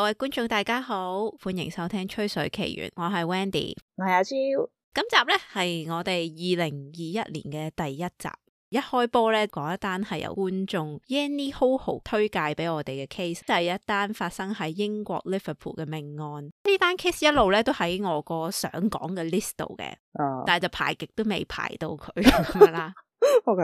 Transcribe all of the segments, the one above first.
各位觀眾大家好，歡迎收聽《吹水奇緣》，我係 Wendy，我係阿超。今集咧係我哋二零二一年嘅第一集，一開波咧講一單係由觀眾 Yanni Ho Ho 推介俾我哋嘅 case，第一單發生喺英國 Liverpool 嘅命案。呢單 case 一路咧都喺我個想講嘅 list 度嘅，哦、但係就排極都未排到佢啦。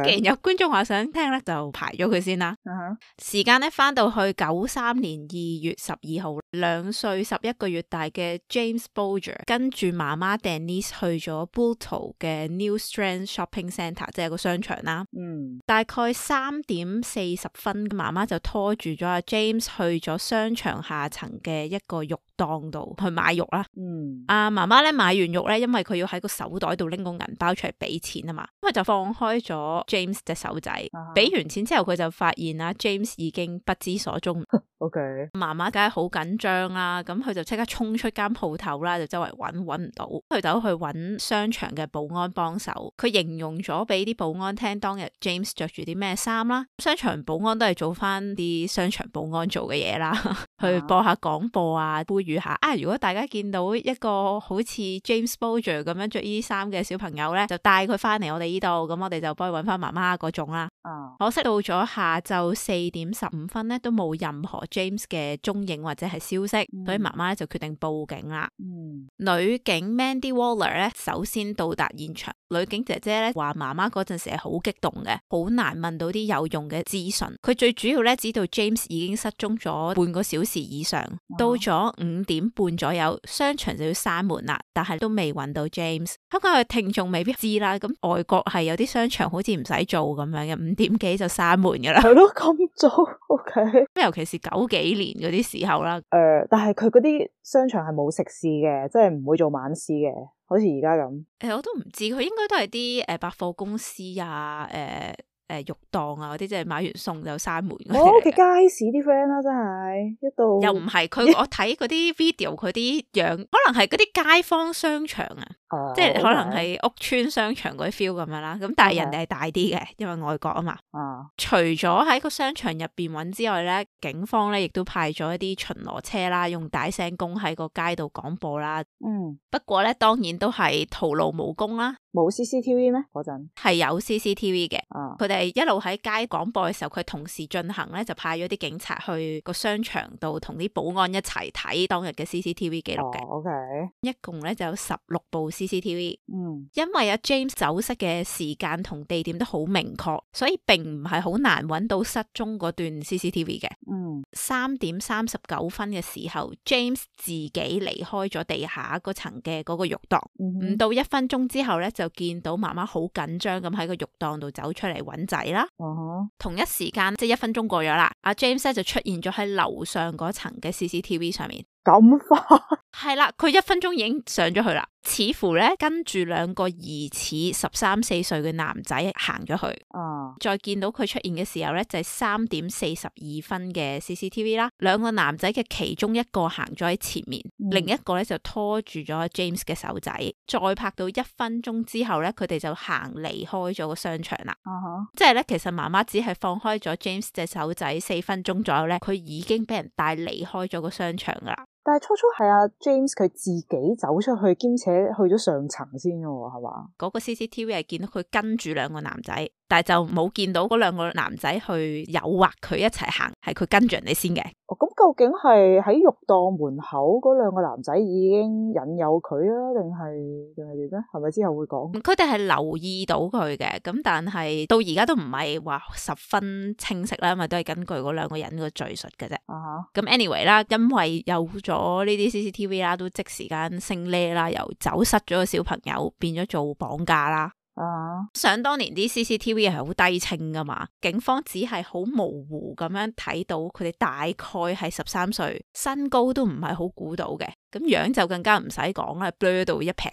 既然有觀眾話想聽咧，就排咗佢先啦。Uh huh. 時間咧翻到去九三年二月十二號，兩歲十一個月大嘅 James Bulger 跟住媽媽 Denise 去咗 Bootle 嘅 New Strand Shopping Centre，即係個商場啦。嗯、uh，huh. 大概三點四十分，媽媽就拖住咗阿 James 去咗商場下層嘅一個浴。檔度去買肉啦。嗯，阿媽媽咧買完肉咧，因為佢要喺個手袋度拎個銀包出嚟俾錢啊嘛，咁就放開咗 James 隻手仔。俾、uh huh. 完錢之後，佢就發現啊 James 已經不知所蹤。 O.K.，媽媽梗係好緊張啦，咁佢就即刻衝出間鋪頭啦，就周圍搵搵唔到，佢走去揾商場嘅保安幫手。佢形容咗俾啲保安聽當日 James 着住啲咩衫啦。商場保安都係做翻啲商場保安做嘅嘢啦， 去播下廣播啊，預下啊！如果大家見到一個好似 James Bulger 咁樣着衣衫嘅小朋友咧，就帶佢翻嚟我哋呢度，咁我哋就幫佢揾翻媽媽嗰種啦。Oh. 可惜到咗下晝四點十五分咧，都冇任何 James 嘅蹤影或者係消息，所以媽媽咧就決定報警啦。Oh. 女警 Mandy Waller 咧首先到達現場。女警姐姐咧話，媽媽嗰陣時係好激動嘅，好難問到啲有用嘅資訊。佢最主要咧知道 James 已經失蹤咗半個小時以上，啊、到咗五點半左右，商場就要閂門啦。但係都未搵到 James。香港嘅聽眾未必知啦。咁外國係有啲商場好似唔使做咁樣嘅，五點幾就閂門噶啦。係咯，咁早。O K。尤其是九幾年嗰啲時候啦。誒、呃，但係佢嗰啲商場係冇食肆嘅，即係唔會做晚市嘅。好似而家咁，誒、欸，我都唔知佢應該都係啲誒百貨公司啊，誒、呃、誒、呃、肉檔啊嗰啲，即係買完餸就閂門。我屋企街市啲 friend 啦，真係一度又唔係佢， 我睇嗰啲 video，佢啲樣可能係嗰啲街坊商場啊。Uh, okay. 即係可能係屋村商場嗰啲 feel 咁樣啦，咁但係人哋係大啲嘅，因為外國啊嘛。哦。Uh, 除咗喺個商場入邊揾之外咧，警方咧亦都派咗一啲巡邏車啦，用大聲公喺個街度廣播啦。嗯。不過咧，當然都係徒勞無功啦。冇 CCTV 咩？嗰陣係有 CCTV 嘅。啊。佢哋一路喺街廣播嘅時候，佢、uh, 同時進行咧，就派咗啲警察去個商場度同啲保安一齊睇當日嘅 CCTV 記錄嘅。Uh, okay. 一共咧就有十六部。CCTV，嗯，因為阿、啊、James 走失嘅時間同地點都好明確，所以並唔係好難揾到失蹤嗰段 CCTV 嘅。嗯，三點三十九分嘅時候，James 自己離開咗地下嗰層嘅嗰個浴檔，唔、嗯、哼到一分鐘之後呢，就見到媽媽好緊張咁喺個浴檔度走出嚟揾仔啦。哦、嗯哼，同一時間即係、就是、一分鐘過咗啦，阿、啊、James 咧就出現咗喺樓上嗰層嘅 CCTV 上面。咁快樣？係 啦，佢一分鐘已經上咗去啦。似乎咧跟住兩個疑似十三四歲嘅男仔行咗去。哦，uh. 再見到佢出現嘅時候咧，就係、是、三點四十二分嘅 CCTV 啦。兩個男仔嘅其中一個行咗喺前面，uh. 另一個咧就拖住咗 James 嘅手仔。再拍到一分鐘之後咧，佢哋就行離開咗個商場啦。Uh huh. 即係咧，其實媽媽只係放開咗 James 隻手仔四分鐘左右咧，佢已經俾人帶離開咗個商場噶啦。但係初初係阿 James 佢自己走出去，兼且去咗上層先喎，係嘛？嗰個 CCTV 係見到佢跟住兩個男仔。但係就冇見到嗰兩個男仔去誘惑佢一齊行，係佢跟住人哋先嘅。哦，咁究竟係喺肉檔門口嗰兩個男仔已經引誘佢啊，定係定係點咧？係咪之後會講？佢哋係留意到佢嘅，咁但係到而家都唔係話十分清晰啦，因為都係根據嗰兩個人個敘述嘅啫。啊，咁 anyway 啦，因為有咗呢啲 CCTV 啦，都即時間升呢啦，由走失咗個小朋友變咗做綁架啦。啊！想當年啲 CCTV 係好低清噶嘛，警方只係好模糊咁樣睇到佢哋大概係十三歲，身高都唔係好估到嘅。咁樣就更加唔使講啦，Blur 到一撇，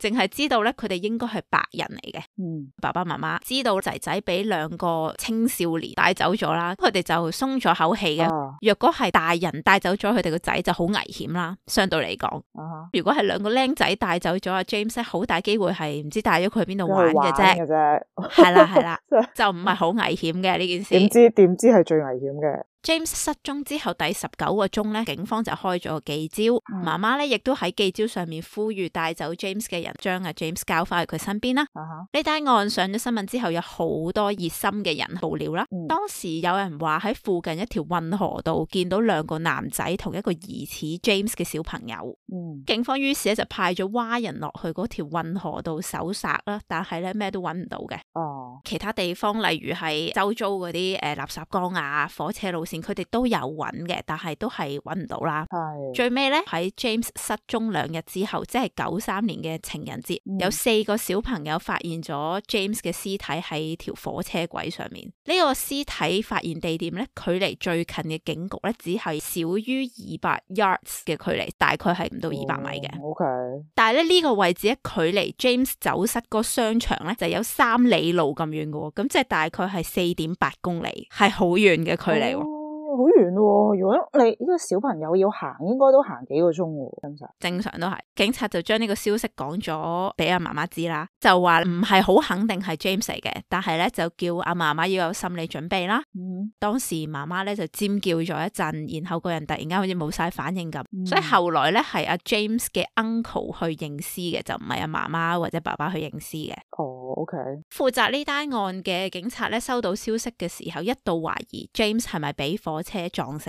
淨係、uh huh. 知道咧，佢哋應該係白人嚟嘅。Uh huh. 爸爸媽媽知道仔仔俾兩個青少年帶走咗啦，佢哋就鬆咗口氣嘅。Uh huh. 若果係大人帶走咗佢哋個仔，就好危險啦。相對嚟講，uh huh. 如果係兩個僆仔帶走咗阿 James，好大機會係唔知帶咗佢去邊度玩嘅啫。係啦係啦， 就唔係好危險嘅呢件事。點知點知係最危險嘅？James 失蹤之後第十九個鐘咧，警方就開咗個記招，媽媽咧亦都喺記招上面呼籲帶走 James 嘅人將阿 James 交翻去佢身邊啦。呢單、uh huh. 案上咗新聞之後，有好多熱心嘅人報料啦。Uh huh. 當時有人話喺附近一條運河度見到兩個男仔同一個疑似 James 嘅小朋友。Uh huh. 警方於是咧就派咗蛙人落去嗰條運河度搜查啦，但係咧咩都搵唔到嘅。Uh huh. 其他地方例如係周遭嗰啲誒垃圾缸啊、火車路。前佢哋都有揾嘅，但係都係揾唔到啦。係 Hi. 最尾咧，喺 James 失蹤兩日之後，即係九三年嘅情人節，mm. 有四個小朋友發現咗 James 嘅屍體喺條火車軌上面。呢、這個屍體發現地點咧，距離最近嘅警局咧，只係少於二百 yards 嘅距離。大概係唔到二百米嘅。O、oh, K okay.。但係咧呢個位置咧，距離 James 走失個商場咧，就有三里路咁遠嘅喎。咁即係大概係四點八公里，係好遠嘅距離。Oh. 好遠喎、哦！如果你呢個小朋友要行，應該都行幾個鐘。正常，正常都係。警察就將呢個消息講咗俾阿媽媽知啦，就話唔係好肯定係 James 嚟嘅，但係咧就叫阿媽媽要有心理準備啦。嗯。當時媽媽咧就尖叫咗一陣，然後個人突然間好似冇晒反應咁，嗯、所以後來咧係阿 James 嘅 uncle 去認屍嘅，就唔係阿媽媽或者爸爸去認屍嘅。哦，OK。負責呢單案嘅警察咧收到消息嘅時候，一度懷疑 James 係咪俾火車撞死，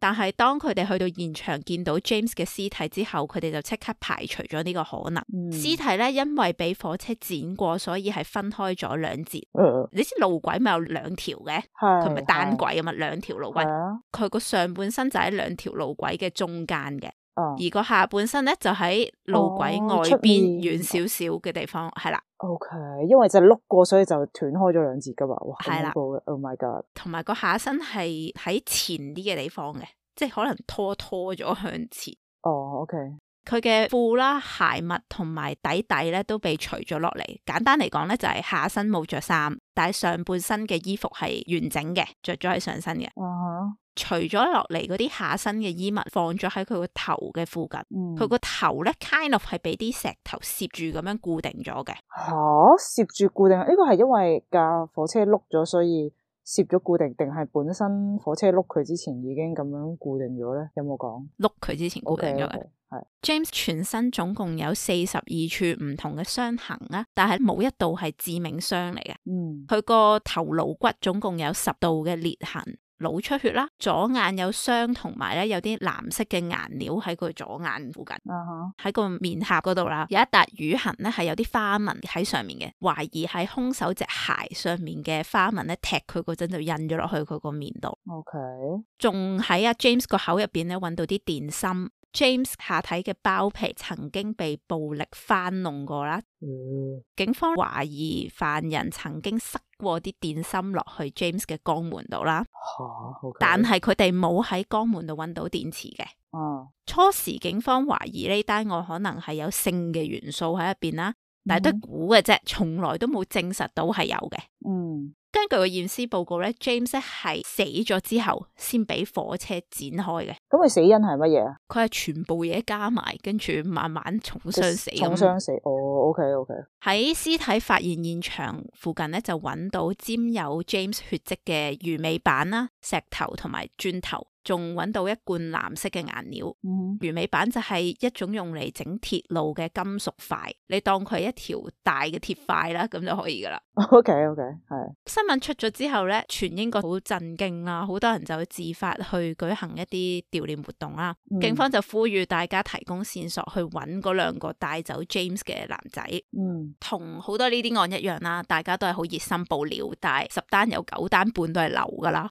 但係當佢哋去到現場見到 James 嘅屍體之後，佢哋就即刻排除咗呢個可能。屍、嗯、體咧因為俾火車剪過，所以係分開咗兩截。嗯、你知路軌咪有兩條嘅，佢唔係單軌啊嘛，兩條、嗯、路軌，佢個、嗯、上半身就喺兩條路軌嘅中間嘅，嗯、而個下半身咧就喺路軌外邊遠少少嘅地方，係、嗯、啦。O、okay, K，因為就碌過，所以就斷開咗兩節噶嘛，哇，恐怖嘅！Oh my god！同埋個下身係喺前啲嘅地方嘅，即係可能拖拖咗向前。哦，O K。佢嘅褲啦、鞋襪同埋底底咧，都被除咗落嚟。簡單嚟講咧，就係、是、下身冇着衫，但係上半身嘅衣服係完整嘅，着咗喺上身嘅。哦、uh，除咗落嚟嗰啲下身嘅衣物，放咗喺佢個頭嘅附近。佢個、uh huh. 頭咧，kind of 係俾啲石頭攝住咁樣固定咗嘅。吓、uh，攝、huh. 住固定？呢個係因為架火車碌咗，所以。攝咗固定，定係本身火車碌佢之前已經咁樣固定咗咧？有冇講？碌佢之前固定咗嘅係。Okay, okay, yes. James 全身總共有四十二處唔同嘅傷痕啊，但係冇一度係致命傷嚟嘅。嗯，佢個頭顱骨總共有十度嘅裂痕。腦出血啦，左眼有傷，同埋咧有啲藍色嘅顏料喺佢左眼附近，喺、uh huh. 個面盒嗰度啦，有一笪瘀痕咧，係有啲花紋喺上面嘅，懷疑喺凶手隻鞋上面嘅花紋咧踢佢嗰陣就印咗落去佢個面度。OK，仲喺阿 James 個口入邊咧揾到啲電芯。James 下體嘅包皮曾經被暴力翻弄過啦，嗯、警方懷疑犯人曾經塞過啲電芯落去 James 嘅肛門度啦，okay. 但係佢哋冇喺肛門度搵到電池嘅。嗯、初時警方懷疑呢單案可能係有性嘅元素喺入邊啦，嗯、哼但係都估嘅啫，從來都冇證實到係有嘅。嗯。根據個驗屍報告咧，James 係死咗之後先俾火車剪開嘅。咁佢死因係乜嘢啊？佢係全部嘢加埋，跟住慢慢重傷死。重傷死哦，OK OK。喺屍體發現現場附近咧，就揾到沾有 James 血跡嘅魚尾板啦、石頭同埋磚頭。仲揾到一罐藍色嘅顏料，魚尾板就係一種用嚟整鐵路嘅金屬塊，你當佢係一條大嘅鐵塊啦，咁就可以噶啦。OK OK，係、yeah。新聞出咗之後呢，全英國好震驚啊，好多人就自發去舉行一啲悼念活動啦。Mm hmm. 警方就呼籲大家提供線索去揾嗰兩個帶走 James 嘅男仔。嗯、mm，同、hmm. 好多呢啲案一樣啦，大家都係好熱心報料，但係十單有九單半都係流噶啦。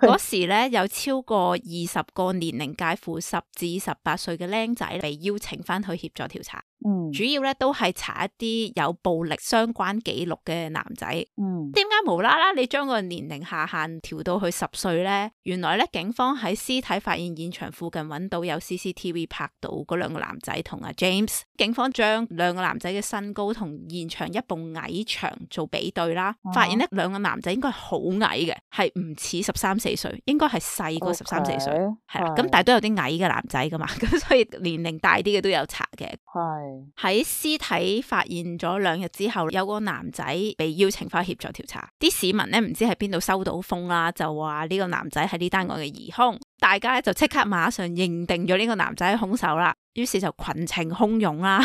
嗰時咧，有超過二十個年齡介乎十至十八歲嘅僆仔被邀請翻去協助調查。 主要咧都係查一啲有暴力相關記錄嘅男仔。嗯，點解無啦啦你將個年齡下限調到去十歲呢？原來咧警方喺屍體發現現場附近揾到有 CCTV 拍到嗰兩個男仔同阿 James。警方將兩個男仔嘅身高同現場一部矮牆做比對啦，發現呢兩個男仔應該好矮嘅，係唔似十三四歲，應該係細過十三四歲。係咁但係都有啲矮嘅男仔㗎嘛，咁所以年齡大啲嘅都有查嘅。係。喺屍體發現咗兩日之後，有個男仔被邀請翻協助調查。啲市民咧唔知喺邊度收到風啦，就話呢個男仔係呢單案嘅疑凶。大家咧就即刻馬上認定咗呢個男仔係兇手啦，於是就群情洶湧啦。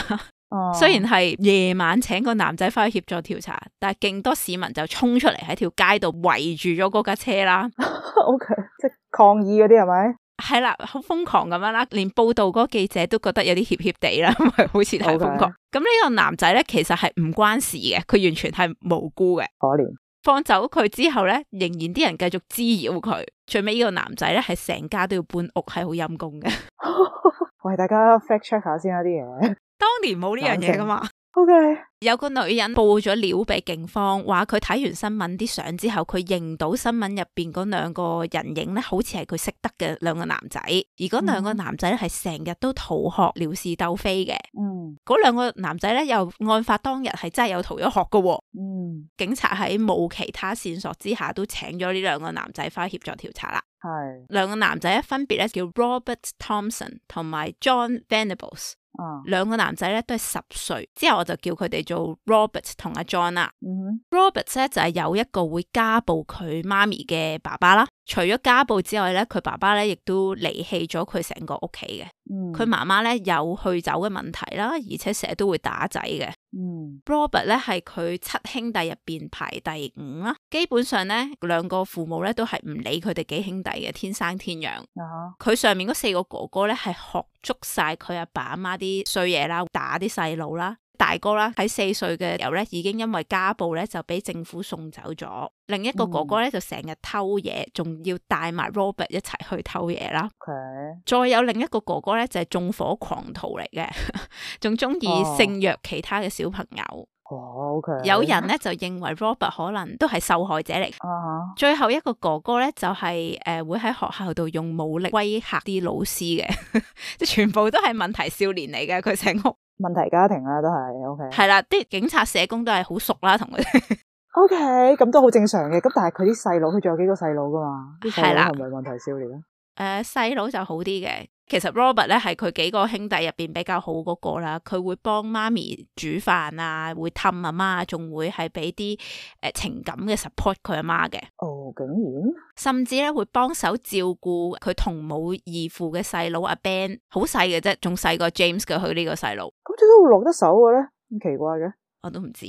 哦，oh. 雖然係夜晚請個男仔翻去協助調查，但係勁多市民就衝出嚟喺條街度圍住咗嗰架車啦。O、okay. K，即係抗議嗰啲係咪？係啦，好瘋狂咁樣啦，連報道嗰個記者都覺得有啲怯怯地啦， 好似好瘋狂。咁呢 Okay. 個男仔咧，其實係唔關事嘅，佢完全係無辜嘅，可憐憐。放走佢之後咧，仍然啲人繼續滋擾佢。最尾呢個男仔咧，係成家都要搬屋，係好陰功嘅。 喂，大家 fact check 下先啦，啲嘢當年冇呢樣嘢噶嘛？OK。有個女人報咗料俾警方，話佢睇完新聞啲相之後，佢認到新聞入邊嗰兩個人影咧，好似係佢識得嘅兩個男仔。而嗰兩個男仔係成日都逃學、撩事鬥非嘅。嗯，嗰兩個男仔咧，又案發當日係真係有逃咗學㗎。嗯，警察喺冇其他線索之下，都請咗呢兩個男仔返協助調查啦。係是，兩個男仔分別咧叫 Robert Thompson 同埋 Jon Venables，嗯。哦，兩個男仔咧都係十歲。之後我就叫佢哋。做 Robert 同阿 Jon 啦，mm hmm.，Robert 咧就係有一個會家暴佢媽咪嘅爸爸啦。除咗家暴之外咧，佢爸爸咧亦都離棄咗佢成個屋企嘅。佢、mm hmm. 媽媽咧有酗酒嘅問題啦，而且成日都會打仔嘅。Mm hmm. Robert 咧係佢七兄弟入邊排第五啦。基本上咧，兩個父母咧都係唔理佢哋幾兄弟嘅，天生天養。佢、mm hmm. 上面嗰四個哥哥咧係學足晒佢阿爸阿媽啲衰嘢啦，打啲細佬啦。大哥啦，喺四歲嘅時候咧，已經因為家暴咧就俾政府送走咗。另一個哥哥咧就成日偷嘢，仲要帶埋 Robert 一齊去偷嘢啦。再 Okay. 有另一個哥哥咧就係縱火狂徒嚟嘅，仲中意性虐其他嘅小朋友。Oh. Oh. Okay. 有人咧就認為 Robert 可能都係受害者嚟。Oh. 最後一個哥哥咧就係誒會喺學校度用武力威吓啲老師嘅，即 全部都係問題少年嚟嘅。佢成屋。問題家庭啦，都係 OK。係啦，啲警察社工都係好熟啦，同佢哋。 OK，咁都好正常嘅。咁但係佢啲細佬，佢仲有幾個細佬㗎嘛？係啦，係咪問題少年？誒，細佬、呃、就好啲嘅。其實 Robert 咧係佢幾個兄弟入邊比較好嗰個啦。佢會幫媽咪煮飯啊，會氹阿媽，媽，仲會係俾啲誒情感嘅 support 佢阿媽嘅。哦，竟然甚至咧會幫手照顧佢同母異父嘅細佬阿 Ben，好細嘅啫，仲細過 James 佢呢個細佬，咁點解會落得手嘅、啊、咧？咁奇怪嘅，我都唔知。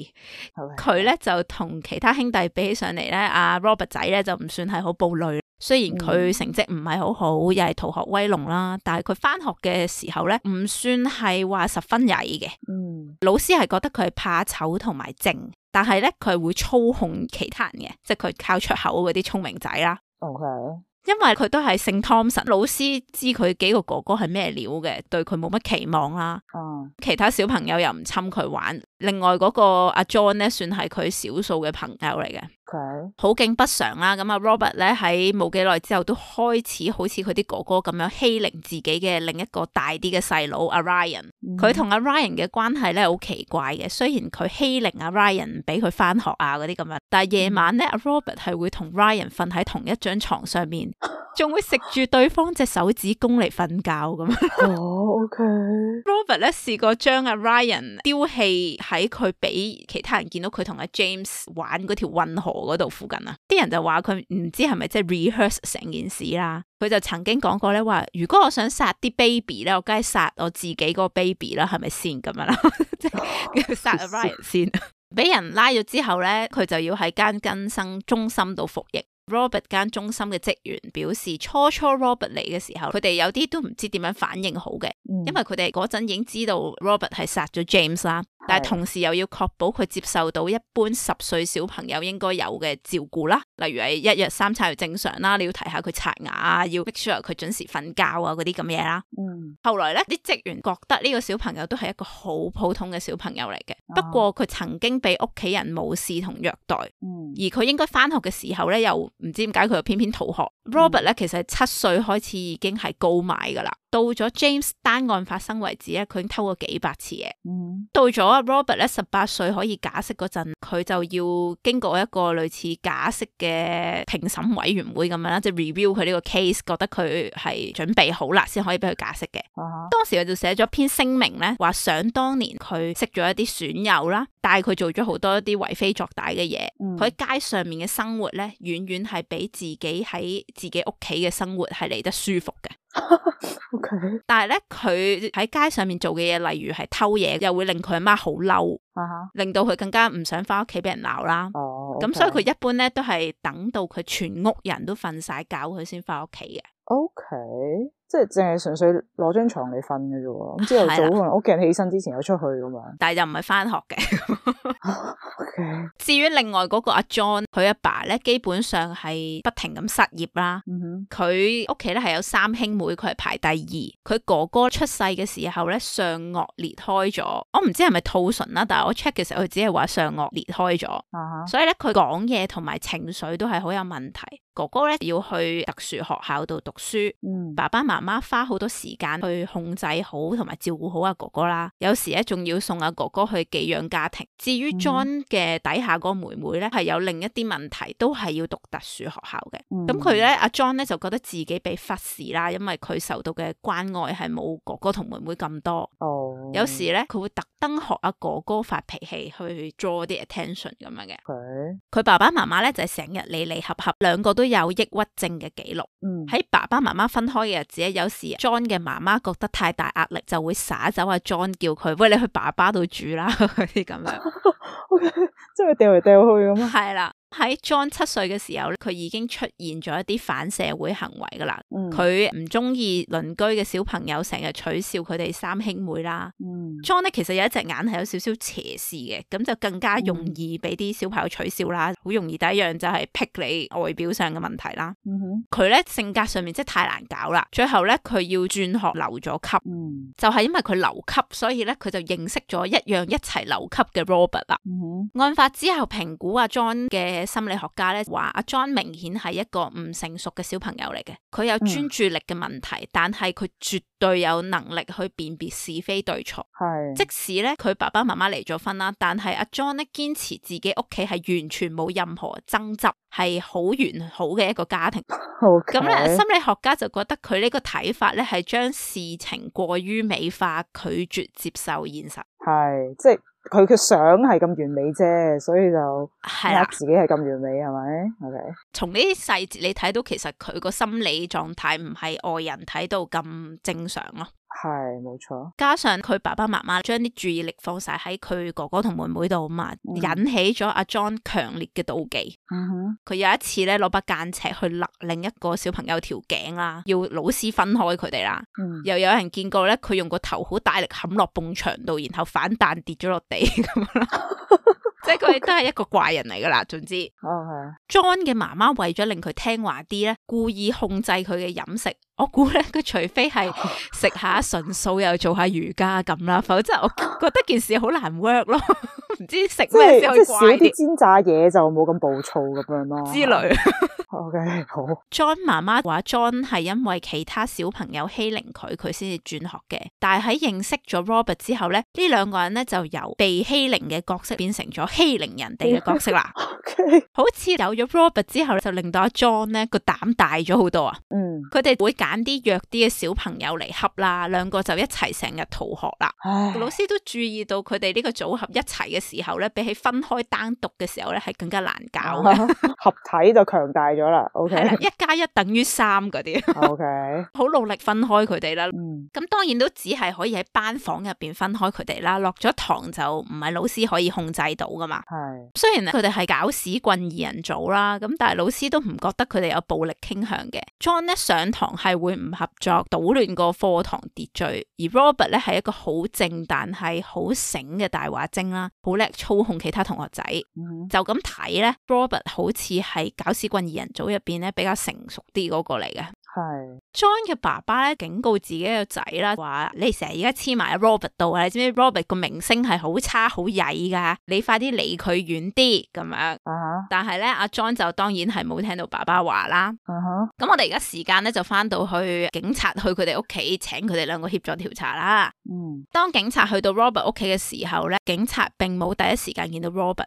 佢咧 就同其他兄弟比起上嚟咧，阿 Robert 仔咧就唔算係好暴戾。雖然佢成績唔係好好，又係逃學威龍啦，但係佢返學嘅時候咧，唔算係話十分曳嘅。嗯，老師係覺得佢係怕醜同埋靜，但係咧佢係會操控其他人嘅，即係佢靠出口嗰啲聰明仔啦。o Okay. 因為佢都係姓 Tomson，老師知佢幾個哥哥係咩料嘅，對佢冇乜期望啦、啊。哦，uh. 其他小朋友又唔侵佢玩，另外嗰個阿 John 咧，算係佢少數嘅朋友嚟嘅。Okay. 好景不常啦，咁啊 Robert 咧喺冇幾耐之後都開始好似佢啲哥哥咁樣欺凌自己嘅另一個大啲嘅細佬阿 Ryan。佢同阿 Ryan 嘅關係咧好奇怪嘅，雖然佢欺凌阿 Ryan 唔俾佢翻學啊嗰啲咁啊，但係夜晚咧、mm hmm.，Robert 係會同 Ryan 瞓喺同一張床上面。 仲會食住對方隻手指公嚟瞓覺咁啊、oh, okay.？哦，OK。Robert 咧試過將阿、啊、Ryan 丟棄喺佢俾其他人見到佢同阿 James 玩嗰條運河嗰度附近啊！啲人就話佢唔知係咪即係 rehearse 成件事啦。佢就曾經講過咧話：如果我想殺啲 baby 咧，我梗係殺我自己個 baby 啦，係咪先咁樣啦？即 係、就是、殺、啊、Ryan 先，俾 人拉咗之後咧，佢就要喺間更生中心度服役。Robert 間中心嘅職員表示，初初 Robert 嚟嘅時候，佢哋有啲都唔知點樣反應好嘅，嗯、因為佢哋嗰陣已經知道 Robert 係殺咗 James 啦，的但係同時又要確保佢接受到一般十歲小朋友應該有嘅照顧啦，例如係一日三餐正常啦，你要提下佢刷牙啊，要 ensure 佢準時瞓覺啊嗰啲咁嘢啦。嗯、後來呢啲職員覺得呢個小朋友都係一個好普通嘅小朋友嚟嘅，不過佢曾經俾屋企人無視同虐待。嗯嗯而佢應該返學嘅時候咧，又唔知點解佢又偏偏逃學。Robert 咧，其實係七歲開始已經係高買噶啦。到咗 James 單案發生為止咧，佢已經偷過幾百次嘢。嗯、到咗 Robert 咧，十八歲可以假釋嗰陣，佢就要經過一個類似假釋嘅評審委員會咁樣啦，即係 review 佢呢個 case，覺得佢係準備好啦，先可以俾佢假釋嘅。嗯、當時佢就寫咗篇聲明咧，話想當年佢識咗一啲損友啦。但係佢做咗好多一啲為非作歹嘅嘢，佢喺、嗯、街上面嘅生活咧，遠遠係比自己喺自己屋企嘅生活係嚟得舒服嘅。 Okay，但係咧佢喺街上面做嘅嘢，例如係偷嘢，又會令佢阿媽好嬲，uh huh. 令到佢更加唔想返屋企俾人鬧啦。咁、oh, okay. 所以佢一般咧都係等到佢全屋人都瞓晒覺，佢先返屋企嘅。Okay。即係淨係純粹攞張床嚟瞓嘅啫喎，咁朝頭早可能屋企人起身之前有出去㗎嘛，的但係就唔係翻學嘅。 Okay. 至於另外嗰個阿 John，佢阿爸咧基本上係不停咁失業啦。佢屋企咧係有三兄妹，佢係排第二。佢哥哥出世嘅時候咧上腭裂開咗，我唔知係咪兔唇啦，但係我 check 嘅時候佢只係話上腭裂開咗。Uh huh. 所以咧佢講嘢同埋情緒都係好有問題。哥哥咧要去特殊學校度讀書。Mm hmm. 爸爸媽媽。媽媽花好多時間去控制好同埋照顧好阿哥哥啦，有時咧仲要送阿哥哥去寄養家庭。至於 Jon 嘅底下個妹妹咧，係有另一啲問題，都係要讀特殊學校嘅。咁佢咧阿 Jon 咧就覺得自己被忽視啦，因為佢受到嘅關愛係冇哥哥同妹妹咁多。哦有時咧，佢會特登學阿哥哥發脾氣去 draw 啲 attention 咁樣嘅。佢 Okay. 爸爸媽媽咧就係成日離離合合，兩個都有抑鬱症嘅記錄。喺、嗯、爸爸媽媽分開嘅日子啊，有時 John 嘅媽媽覺得太大壓力就會撒走阿 John 叫佢喂，你去爸爸度住啦，啲咁樣，即係掉嚟掉去咁樣。係啦。 喺 Jon 七歲嘅時候咧，佢已經出現咗一啲反社會行為噶啦。佢唔中意鄰居嘅小朋友，成日取笑佢哋三兄妹啦。嗯、Jon 其實有一隻眼係有少少斜視嘅，咁就更加容易俾啲小朋友取笑啦。好、嗯、容易第一樣就係 pick 你外表上嘅問題啦。佢咧、嗯、哼性格上面真係太難搞啦。最後咧佢要轉學留咗級，嗯、就係因為佢留級，所以咧佢就認識咗一樣一齊留級嘅 Robert 啦。嗯、哼案發之後評估阿、啊、Jon 嘅。心理學家咧話阿 Jon 明顯係一個唔成熟嘅小朋友嚟嘅，佢有專注力嘅問題，嗯、但係佢絕對有能力去辨別是非對錯。係是，即使咧佢爸爸媽媽離咗婚啦，但係阿 Jon 咧堅持自己屋企係完全冇任何爭執，係好完好嘅一個家庭。咁咧 Okay. 心理學家就覺得佢呢個睇法，咧係將事情過於美化，拒絕接受現實。係，即係。佢嘅相係咁完美啫，所以就係啦自己係咁完美係咪？OK，從呢啲細節你睇到，其實佢個心理狀態唔係外人睇到咁正常咯、啊。係冇錯，加上佢爸爸媽媽將啲注意力放晒喺佢哥哥同妹妹度啊嘛，嗯、引起咗阿 Jon 強烈嘅妒忌。嗯、哼，佢有一次咧攞把間尺去勒另一個小朋友條頸啦，要老師分開佢哋啦。嗯，又有人見過咧，佢用個頭好大力冚落埲牆度，然後反彈跌咗落地咁咯。即係佢哋都係一個怪人嚟噶啦。總之，哦係啊。John 嘅媽媽為咗令佢聽話啲咧，故意控制佢嘅飲食。我估咧佢除非係食下純素又做下瑜伽咁啦，否則我覺得件事好難 work 咯。唔 知食咩先可以乖啲？少啲煎炸嘢就冇咁暴躁咁樣咯。之類。 我嘅、okay, 好。Jon 媽媽話 Jon 係因為其他小朋友欺凌佢，佢先至轉學嘅。但係喺認識咗 Robert 之後咧，呢兩個人咧就由被欺凌嘅角色變成咗欺凌人哋嘅角色啦。Okay. 好似有咗 Robert 之後咧，就令到阿 Jon 咧個膽大咗好多啊。嗯。佢哋會揀啲弱啲嘅小朋友嚟恰啦，兩個就一齊成日逃學啦。唉。老師都注意到佢哋呢個組合一齊嘅時候咧，比起分開單獨嘅時候咧，係更加難搞， 合體就強大咗。一加一等於三嗰啲，OK，好努力分開佢哋啦。咁、嗯、當然都只係可以喺班房入邊分開佢哋啦。落咗堂就唔係老師可以控制到噶嘛。係是，雖然佢哋係搞屎棍二人組啦，咁但係老師都唔覺得佢哋有暴力傾向嘅。John 咧上堂係會唔合作，搗亂個課堂秩序，而 Robert 咧係一個好靜但係好醒嘅大話精啦，好叻操控其他同學仔。嗯、就咁睇咧，Robert 好似係搞屎棍二人。組入邊咧比較成熟啲嗰個嚟嘅，係是 John 嘅爸爸咧警告自己個仔啦，話你成日而家黐埋 Robert 度啊，你知唔知 Robert 個名聲係好差好曳噶，你快啲離佢遠啲咁樣。Uh huh. 但係咧阿 John 就當然係冇聽到爸爸話啦。咁、uh huh. 我哋而家時間咧就翻到去警察去佢哋屋企請佢哋兩個協助調查啦。Uh huh. 當警察去到 Robert 屋企嘅時候咧，警察並冇第一時間見到 Robert。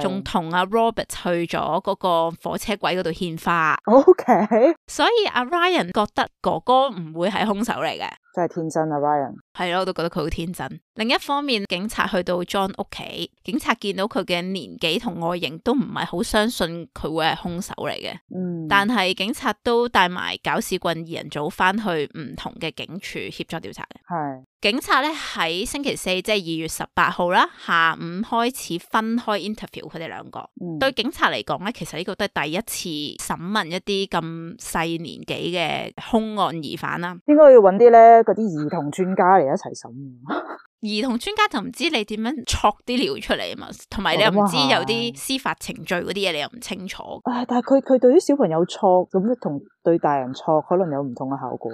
仲同阿 Robert 去咗嗰個火車軌嗰度獻花。O Okay ? K，所以阿 Ryan 覺得哥哥唔會係兇手嚟嘅，真係天真啊！Ryan 係咯，我都覺得佢好天真。另一方面，警察去到 John 屋企，警察見到佢嘅年紀同外形都唔係好相信佢會係兇手嚟嘅。嗯，但係警察都帶埋搞屎棍二人組翻去唔同嘅警署協助調查。嘅是，係警察咧喺星期四即係二月十八號啦，下午開始分開 inter，佢哋兩個、嗯、對警察嚟講咧，其實呢個都係第一次審問一啲咁細年紀嘅凶案疑犯啦，應該要揾啲咧嗰啲兒童專家嚟一齊審。 兒童專家就唔知你點樣撮啲料出嚟啊嘛，同埋你又唔知有啲司法程序嗰啲嘢，你又唔清楚。啊！但係佢佢對於小朋友撮咁，同對大人撮可能有唔同嘅效果。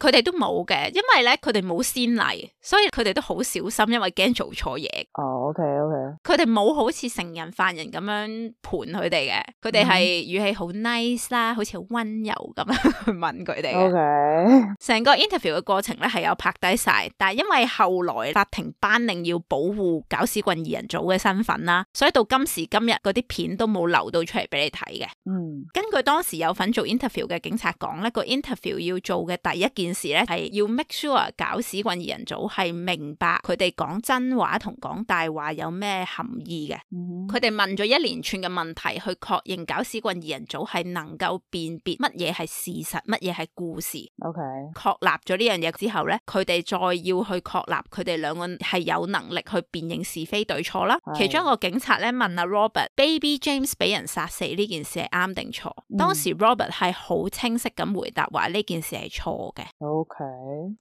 佢哋都冇嘅，因為咧佢哋冇先例，所以佢哋都好小心，因為驚做錯嘢。哦，OK OK。佢哋冇好似成人犯人咁樣盤佢哋嘅，佢哋係語氣、嗯、好 nice 啦，好似好溫柔咁去問佢哋 OK。成個 interview 嘅過程咧係有拍低晒，但係因為後來停班令要保護搞屎棍二人組嘅身份啦，所以到今時今日嗰啲片都冇流到出嚟俾你睇嘅。嗯，根據當時有份做 interview 嘅警察講咧，個 interview 要做嘅第一件事咧係要 make sure 搞屎棍二人組係明白佢哋講真話同講大話有咩含義嘅。佢哋、嗯、問咗一連串嘅問題去確認搞屎棍二人組係能夠辨別乜嘢係事實，乜嘢係故事。OK，確立咗呢樣嘢之後咧，佢哋再要去確立佢哋兩。係有能力去辨認是非對錯啦。是其中一個警察咧問阿 Robert，Baby James 俾人殺死呢件事係啱定錯？嗯、當時 Robert 係好清晰咁回答話呢件事係錯嘅。O.K.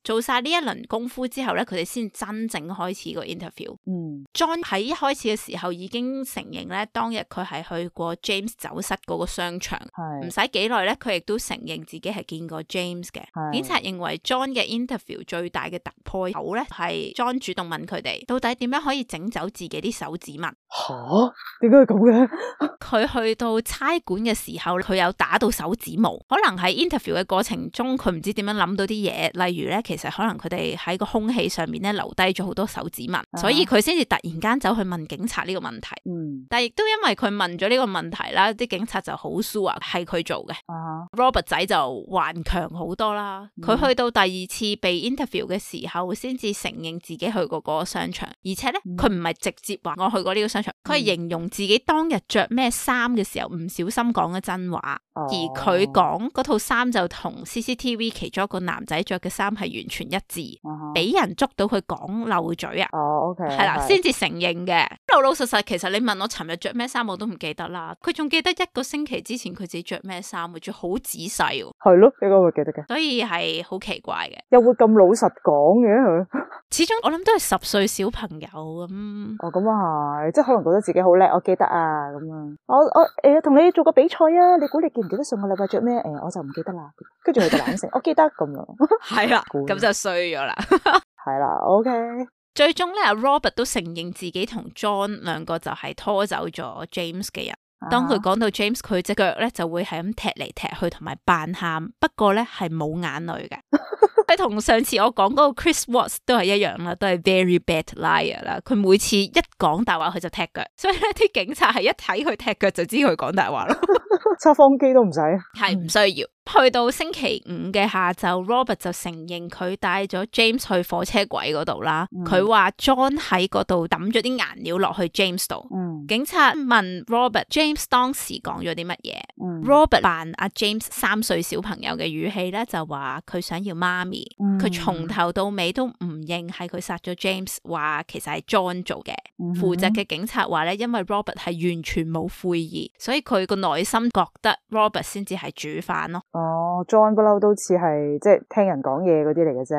做晒呢一輪功夫之後咧，佢哋先真正開始個 interview。嗯，John 喺一開始嘅時候已經承認咧，當日佢係去過 James 走失嗰個商場。唔使幾耐咧，佢亦都承認自己係見過 James 嘅。嗯、警察認為 John 嘅 interview 最大嘅突破口咧係 John。主動問佢哋到底點樣可以整走自己啲手指紋？吓蛤，點解係咁嘅？佢去到差館嘅時候，佢有打到手指模，可能喺 interview 嘅過程中，佢唔知點樣諗到啲嘢，例如咧，其實可能佢哋喺個空氣上面咧留低咗好多手指紋，uh huh. 所以佢先至突然間走去問警察呢個問題。嗯、uh，huh. 但係亦都因為佢問咗呢個問題啦，啲警察就好 sure 係佢做嘅。啊、uh huh.，Robert 仔就頑強好多啦，佢去到第二次被 interview 嘅時候，先至承認自己、uh。Huh. 去過嗰個商場，而且咧佢唔係直接話我去過呢個商場，佢係形容自己當日着咩衫嘅時候，唔小心講咗真話。而佢講嗰套衫就同 CCTV 其中一個男仔着嘅衫係完全一致，俾、uh huh. 人捉到佢講漏嘴啊！哦、oh，OK，係啦，先至 okay. 承認嘅。老老實實，其實你問我尋日着咩衫，我都唔記得啦。佢仲記得一個星期之前佢自己着咩衫，著好仔細喎、啊。係咯，呢個我記得嘅。所以係好奇怪嘅，又會咁老實講嘅佢。 始終我諗都係十歲小朋友咁。哦、嗯，咁啊係，即係可能覺得自己好叻，我記得啊咁樣。我我誒同你做個比賽啊！你估你見？唔記得上個禮拜着咩？誒，我就唔記得啦。跟住佢就冷靜， 我記得咁樣。係 啦，咁就衰咗 啦。係啦，OK。最終咧，阿 Robert 都承認自己同 John 兩個就係拖走咗 James 嘅人。當佢講到 James 佢隻腳咧，就會係咁踢嚟,踢去，同埋扮喊。不過咧，係冇眼淚嘅。係，同 上次我講嗰個 Chris Watts 都係一樣啦，都係 very bad liar 啦。佢每次一講大話，佢就踢腳。所以咧，啲警察係一睇佢踢腳就知佢講大話啦。測謊機都唔使，係唔需要。去到星期五嘅下晝，Robert 就承認佢帶咗 James 去火車軌嗰度啦。佢話、嗯、Jon 喺嗰度抌咗啲顏料落去 James 度。嗯、警察問 Robert，James 當時講咗啲乜嘢？Robert 扮阿、啊、James 三歲小朋友嘅語氣咧，就話佢想要媽咪。佢、嗯、從頭到尾都唔認係佢殺咗 James，話其實係 Jon 做嘅。嗯、哼負責嘅警察話咧，因為 Robert 係完全冇悔意，所以佢個內心覺得 Robert 先至係主犯咯。哦、oh，John 不嬲都似係即係聽人講嘢嗰啲嚟嘅啫。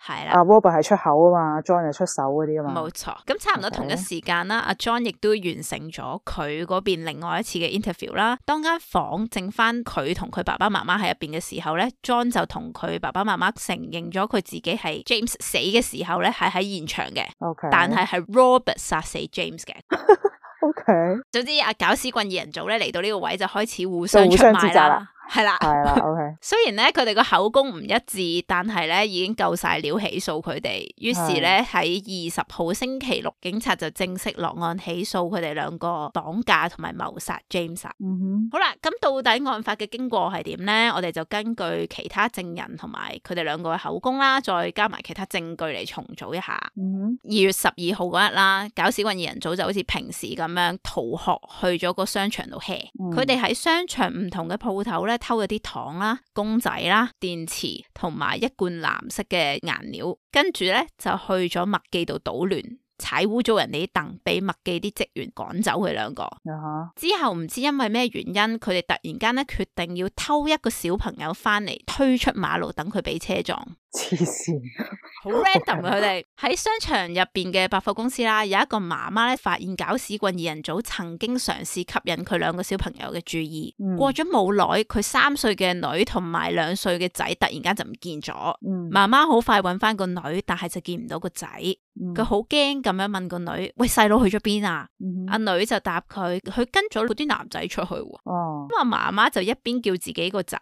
係啦的，阿 Robert 係出口啊嘛，John 係出手嗰啲啊嘛。冇錯，咁差唔多同一時間啦。阿 Okay. John 亦都完成咗佢嗰邊另外一次嘅 interview 啦。當間房間剩翻佢同佢爸爸媽媽喺入邊嘅時候咧，John 就同佢爸爸媽媽承認咗佢自己係 James 死嘅時候咧係喺現場嘅。O Okay . K，但係係 Robert 殺死 James 嘅。OK。總之阿搞屎棍二人組咧嚟到呢個位就開始互相出賣啦。係啦，對 雖然咧佢哋個口供唔一致，但係咧已經夠晒料起訴佢哋。於是咧喺二十號星期六，警察就正式落案起訴佢哋兩個綁架同埋謀殺 James。嗯、哼好啦，咁到底案發嘅經過係點咧？我哋就根據其他證人同埋佢哋兩個嘅口供啦，再加埋其他證據嚟重組一下。二、嗯、哼月十二號嗰日啦，搞屎棍二人組就好似平時咁樣逃學去咗個商場度 hea 佢哋喺商場唔同嘅鋪頭咧。偷咗啲糖啦、公仔啦、電池同埋一罐藍色嘅顏料，跟住咧就去咗麥記度搗亂，踩污咗人哋啲凳，俾麥記啲職員趕走佢兩個。 之後唔知因為咩原因，佢哋突然間咧決定要偷一個小朋友翻嚟，推出馬路等佢俾車撞。黐線，好 random 啊！佢哋喺商場入邊嘅百貨公司啦，有一個媽媽咧發現搞屎棍二人組曾經嘗試吸引佢兩個小朋友嘅注意。嗯、過咗冇耐，佢三歲嘅女同埋兩歲嘅仔突然間就唔見咗。媽媽好快揾翻個女，但係就見唔到個仔。佢好驚咁樣問個女，喂，細佬去咗邊啊？阿、嗯啊、女就答佢，佢跟咗嗰啲男仔出去。咁啊、嗯，媽媽就一邊叫自己個仔，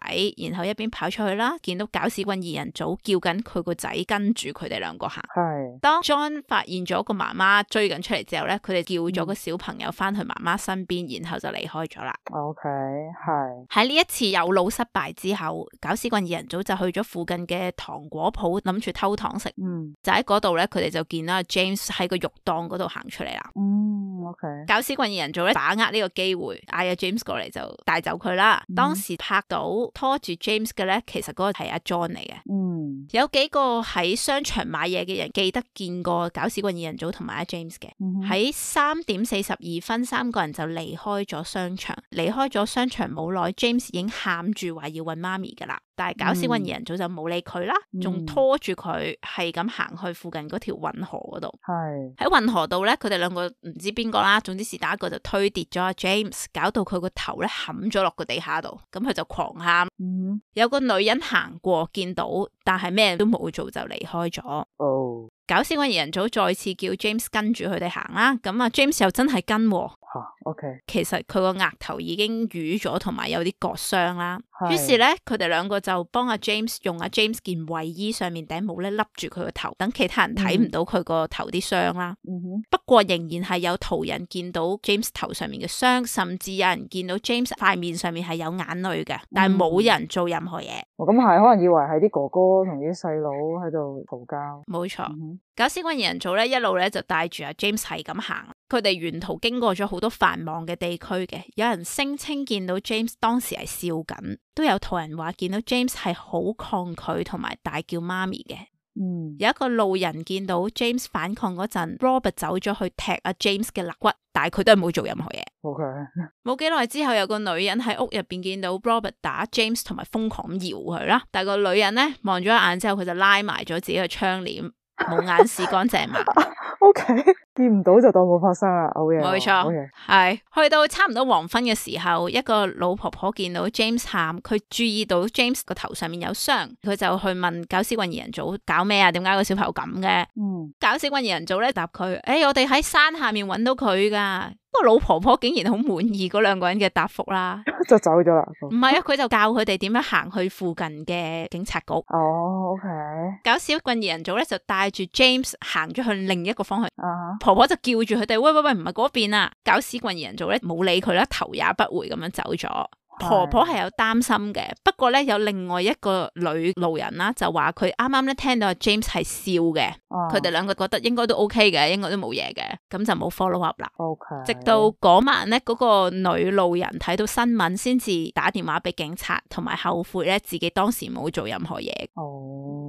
然後一邊跑出去啦。見到搞屎棍二人，人，人組叫。叫緊佢個仔跟住佢哋兩個行。係的。當 John 發現咗個媽媽追緊出嚟之後咧，佢哋叫咗個小朋友翻去媽媽身邊，然後就離開咗啦。OK，係。喺呢一次有路失敗之後，搞屎棍二人組就去咗附近嘅糖果鋪諗住偷糖食。嗯。就喺嗰度咧，佢哋就見到阿 James 喺個肉檔嗰度行出嚟啦。嗯。Okay. 搞屎棍二人組咧，把握呢個機會嗌阿 James 過嚟就帶走佢啦。Mm hmm. 當時拍到拖住 James 嘅咧，其實嗰個係阿 John 嚟嘅。嗯、mm，hmm. 有幾個喺商場買嘢嘅人記得見過搞屎棍二人組同埋阿 James 嘅。喺三點四十二分，三個人就離開咗商場。離開咗商場冇耐，James 已經喊住話要搵媽咪㗎喇。但係搞屎棍二人組就冇理佢啦，仲、嗯、拖住佢係咁行去附近嗰條運河嗰度。係喺運河度咧，佢哋兩個唔知邊個啦，總之是打個就推跌咗阿 James，搞到佢個頭咧冚咗落個地下度，咁佢就狂喊。嗯、有個女人行過見到，但係咩都冇做就離開咗。哦，搞屎棍二人組再次叫 James 跟住佢哋行啦，咁啊 James 又真係跟、啊。啊 O.K. 其實佢個額頭已經瘀咗，同埋有啲割傷啦。是於是咧，佢哋兩個就幫阿、啊、James 用阿、啊、James 件衞衣上面頂帽咧笠住佢個頭，等其他人睇唔到佢個頭啲傷啦。Mm hmm. 不過仍然係有途人見到 James 頭上面嘅傷，甚至有人見到 James 塊面上面係有眼淚嘅，但係冇人做任何嘢。咁係可能以為係啲哥哥同啲細佬喺度嘈交。冇錯，搞笑軍人組咧一路咧就帶住阿 James 係咁行，佢哋沿途經過咗好多飯。望嘅地區嘅，有人聲稱見到 James 當時係笑緊，都有途人話見到 James 係好抗拒同埋大叫媽咪嘅。嗯，有一個路人見到 James 反抗嗰陣，Robert 走咗去踢阿 James 嘅肋骨，但係佢都係冇做任何嘢。OK，冇幾耐之後，有個女人喺屋入邊見到 Robert 打 James 同埋瘋狂咁搖佢啦，但係個女人咧望咗一眼之後，佢就拉埋咗自己嘅窗簾。冇眼屎乾淨嘛？O K，見唔到就當冇發生啦，嘔嘢。冇錯，係去到差唔多黃昏嘅時候，一個老婆婆見到 James 喊，佢注意到 James 個頭上面有傷，佢就去問搞屎棍二人組搞咩啊？點解個小朋友咁嘅？嗯，搞屎棍二人組咧，答佢：，誒、哎，我哋喺山下面搵到佢噶。個老婆婆竟然好滿意嗰兩個人嘅答覆啦，就走咗啦。唔係啊，佢就教佢哋點樣行去附近嘅警察局。哦、oh，OK 搞。搞屎棍二人組咧就帶住 James 行咗去另一個方向。啊、uh huh. 婆婆就叫住佢哋，喂喂喂，唔係嗰邊啊！搞屎棍二人組咧冇理佢啦，頭也不回咁樣走咗。婆婆係有擔心嘅，不過咧有另外一個女路人啦，就話佢啱啱咧聽到 James 係笑嘅，佢哋、啊、兩個覺得應該都 OK 嘅，應該都冇嘢嘅，咁就冇 follow up 啦。okay. 直到嗰晚咧，嗰、嗰個女路人睇到新聞，先至打電話俾警察，同埋後悔咧自己當時冇做任何嘢。哦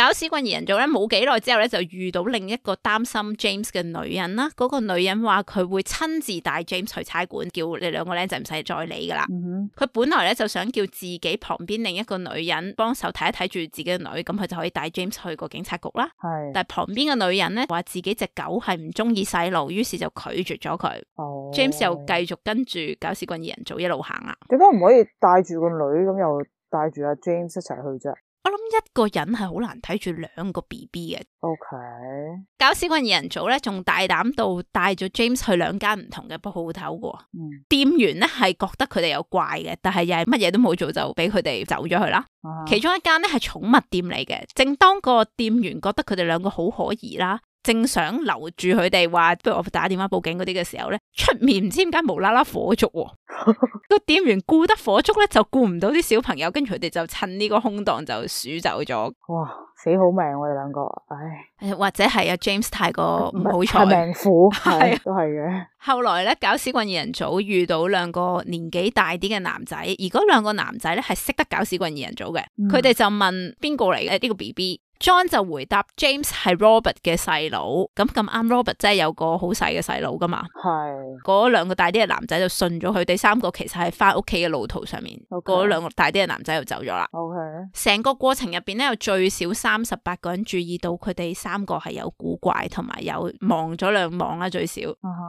搞屎棍二人組咧，冇幾耐之後咧，就遇到另一個擔心 James 嘅女人啦。嗰、那個女人話佢會親自帶 James 去差館，叫你兩個僆仔唔使再理噶啦。佢、嗯、哼本來咧就想叫自己旁邊另一個女人幫手睇一睇住自己嘅女，咁佢就可以帶 James 去個警察局啦。係是，但係旁邊嘅女人咧話自己隻狗係唔中意細路，於是就拒絕咗佢。哦、James 又繼續跟住搞屎棍二人組一路行啊？點解唔可以帶住個女咁又帶住阿 James 一齊去啫？我諗一個人係好難睇住兩個 B B 嘅。O Okay . K，搞屎棍二人組咧，仲大膽到帶咗 James 去兩間唔同嘅鋪頭嘅。嗯、店員咧係覺得佢哋有怪嘅，但係又係乜嘢都冇做就俾佢哋走咗去啦。Uh huh. 其中一間咧係寵物店嚟嘅，正當個店員覺得佢哋兩個好可疑啦。正想留住佢哋，話不如我打打電話報警嗰啲嘅時候咧，出面唔知無無 點解無啦啦火燭，個店員顧得火燭咧就顧唔到啲小朋友，跟住佢哋就趁呢個空檔就鼠走咗。哇，死好命我哋兩個，唉，或者係阿、啊、James 太過冇彩，命苦係都係嘅。 後來咧，搞屎棍二人組遇到兩個年紀大啲嘅男仔，而嗰兩個男仔咧係識得搞屎棍二人組嘅，佢哋、嗯、就問邊、個嚟嘅呢個 B B。John 就回答 James 係 Robert 嘅細佬，咁咁啱 Robert 真係有個好細嘅細佬噶嘛，係嗰兩個大啲嘅男仔就信咗佢哋三個其實係翻屋企嘅路途上面，Okay，嗰兩個大啲嘅男仔就走咗啦，OK，成個過程入邊咧有最少三十八個人注意到佢哋三個係有故怪同埋有望咗兩望啦，最少。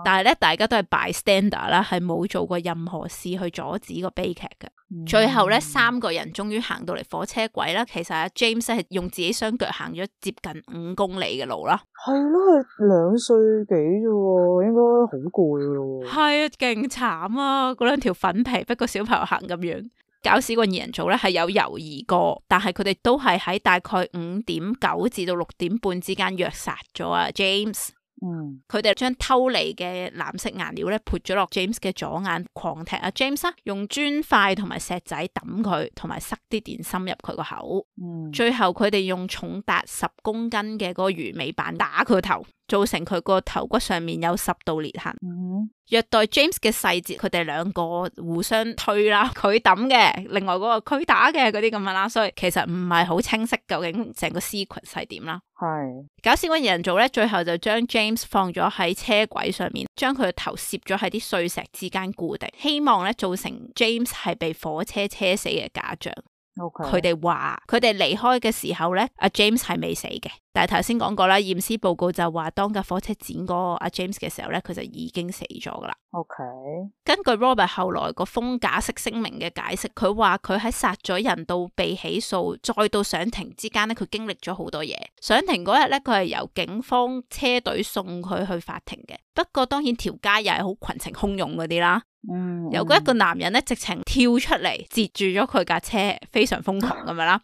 但係咧，大家都係 bystander 啦，係冇做過任何事去阻止個悲劇嘅。嗯、最後咧，三個人終於行到嚟火車軌啦。其實阿、啊、James 係用自己雙腳行咗接近五公里嘅路啦。係咯，兩歲幾啫，應該好攰㗎咯。係啊，勁慘啊！嗰兩條粉皮，逼個小朋友行咁遠。搞事個二人組咧係有猶疑過，但係佢哋都係喺大概五點九至到六點半之間虐殺咗啊 James。嗯，佢哋將偷嚟嘅藍色顏料咧潑咗落 James 嘅左眼，狂踢啊 James，啊用磚塊同埋石仔揼佢，同埋塞啲電芯入佢個口。嗯，最後佢哋用重達十公斤嘅嗰個魚尾板打佢頭，造成佢個頭骨上面有十道裂痕。嗯虐待 James 嘅細節，佢哋兩個互相推啦，佢抌嘅，另外嗰個佢打嘅嗰啲咁樣啦，所以其實唔係好清晰究竟成個 sequence 係點啦。係，搞笑嘅人造咧，最後就將 James 放咗喺車軌上面，將佢嘅頭攝咗喺啲碎石之間固定，希望咧造成 James 係被火車車死嘅假象。OK，佢哋話佢哋離開嘅時候咧，阿、啊、James 係未死嘅，但係頭先講過啦，驗屍報告就話當架火車剪嗰個阿 James 嘅時候咧，佢就已經死咗噶啦。O.K. 根據 Robert 後來個封假釋聲明嘅解釋，佢話佢喺殺咗人到被起訴，再到上庭之間咧，佢經歷咗好多嘢。上庭嗰日咧，佢係由警方車隊送佢去法庭嘅。不過當然條街又係好群情洶湧嗰啲啦。嗯。有嗰一個男人咧，直情跳出嚟截住咗佢架車，非常瘋狂咁樣啦。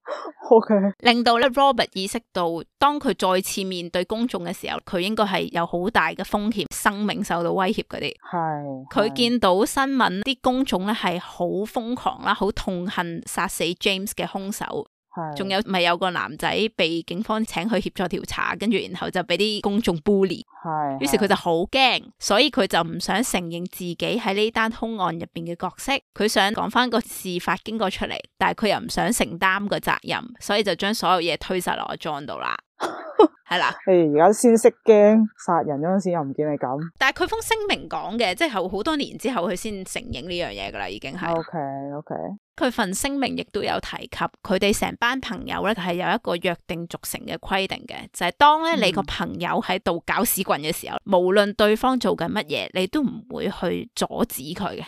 O.K.、嗯嗯、令到咧 Robert 意識到，當佢再次面對公眾嘅時候，佢應該係有好大嘅風險，生命受到威脅嗰啲。係。佢見到新聞啲公眾咧係好瘋狂啦，好痛恨殺死 James 嘅兇手，仲有咪是有個男仔被警方請去協助調查，跟住然後就俾啲公眾 bully，係，於是佢就好驚，所以佢就唔想承認自己喺呢單兇案入邊嘅角色，佢想講翻個事發經過出嚟，但係佢又唔想承擔個責任，所以就將所有嘢推實落 Jon 度啦。係 啦，誒、哎，而家先識驚，殺人嗰陣時，又唔見你咁。但係佢封聲明講嘅，即係後好多年之後，佢先承認呢樣嘢噶啦，已經係。OK，OK、okay, okay。佢份聲明亦都有提及，佢哋成班朋友咧係有一個約定俗成嘅規定嘅，就係當咧你個朋友喺度搞屎棍嘅時候，無論對方做緊乜嘢，你都唔會去阻止佢嘅。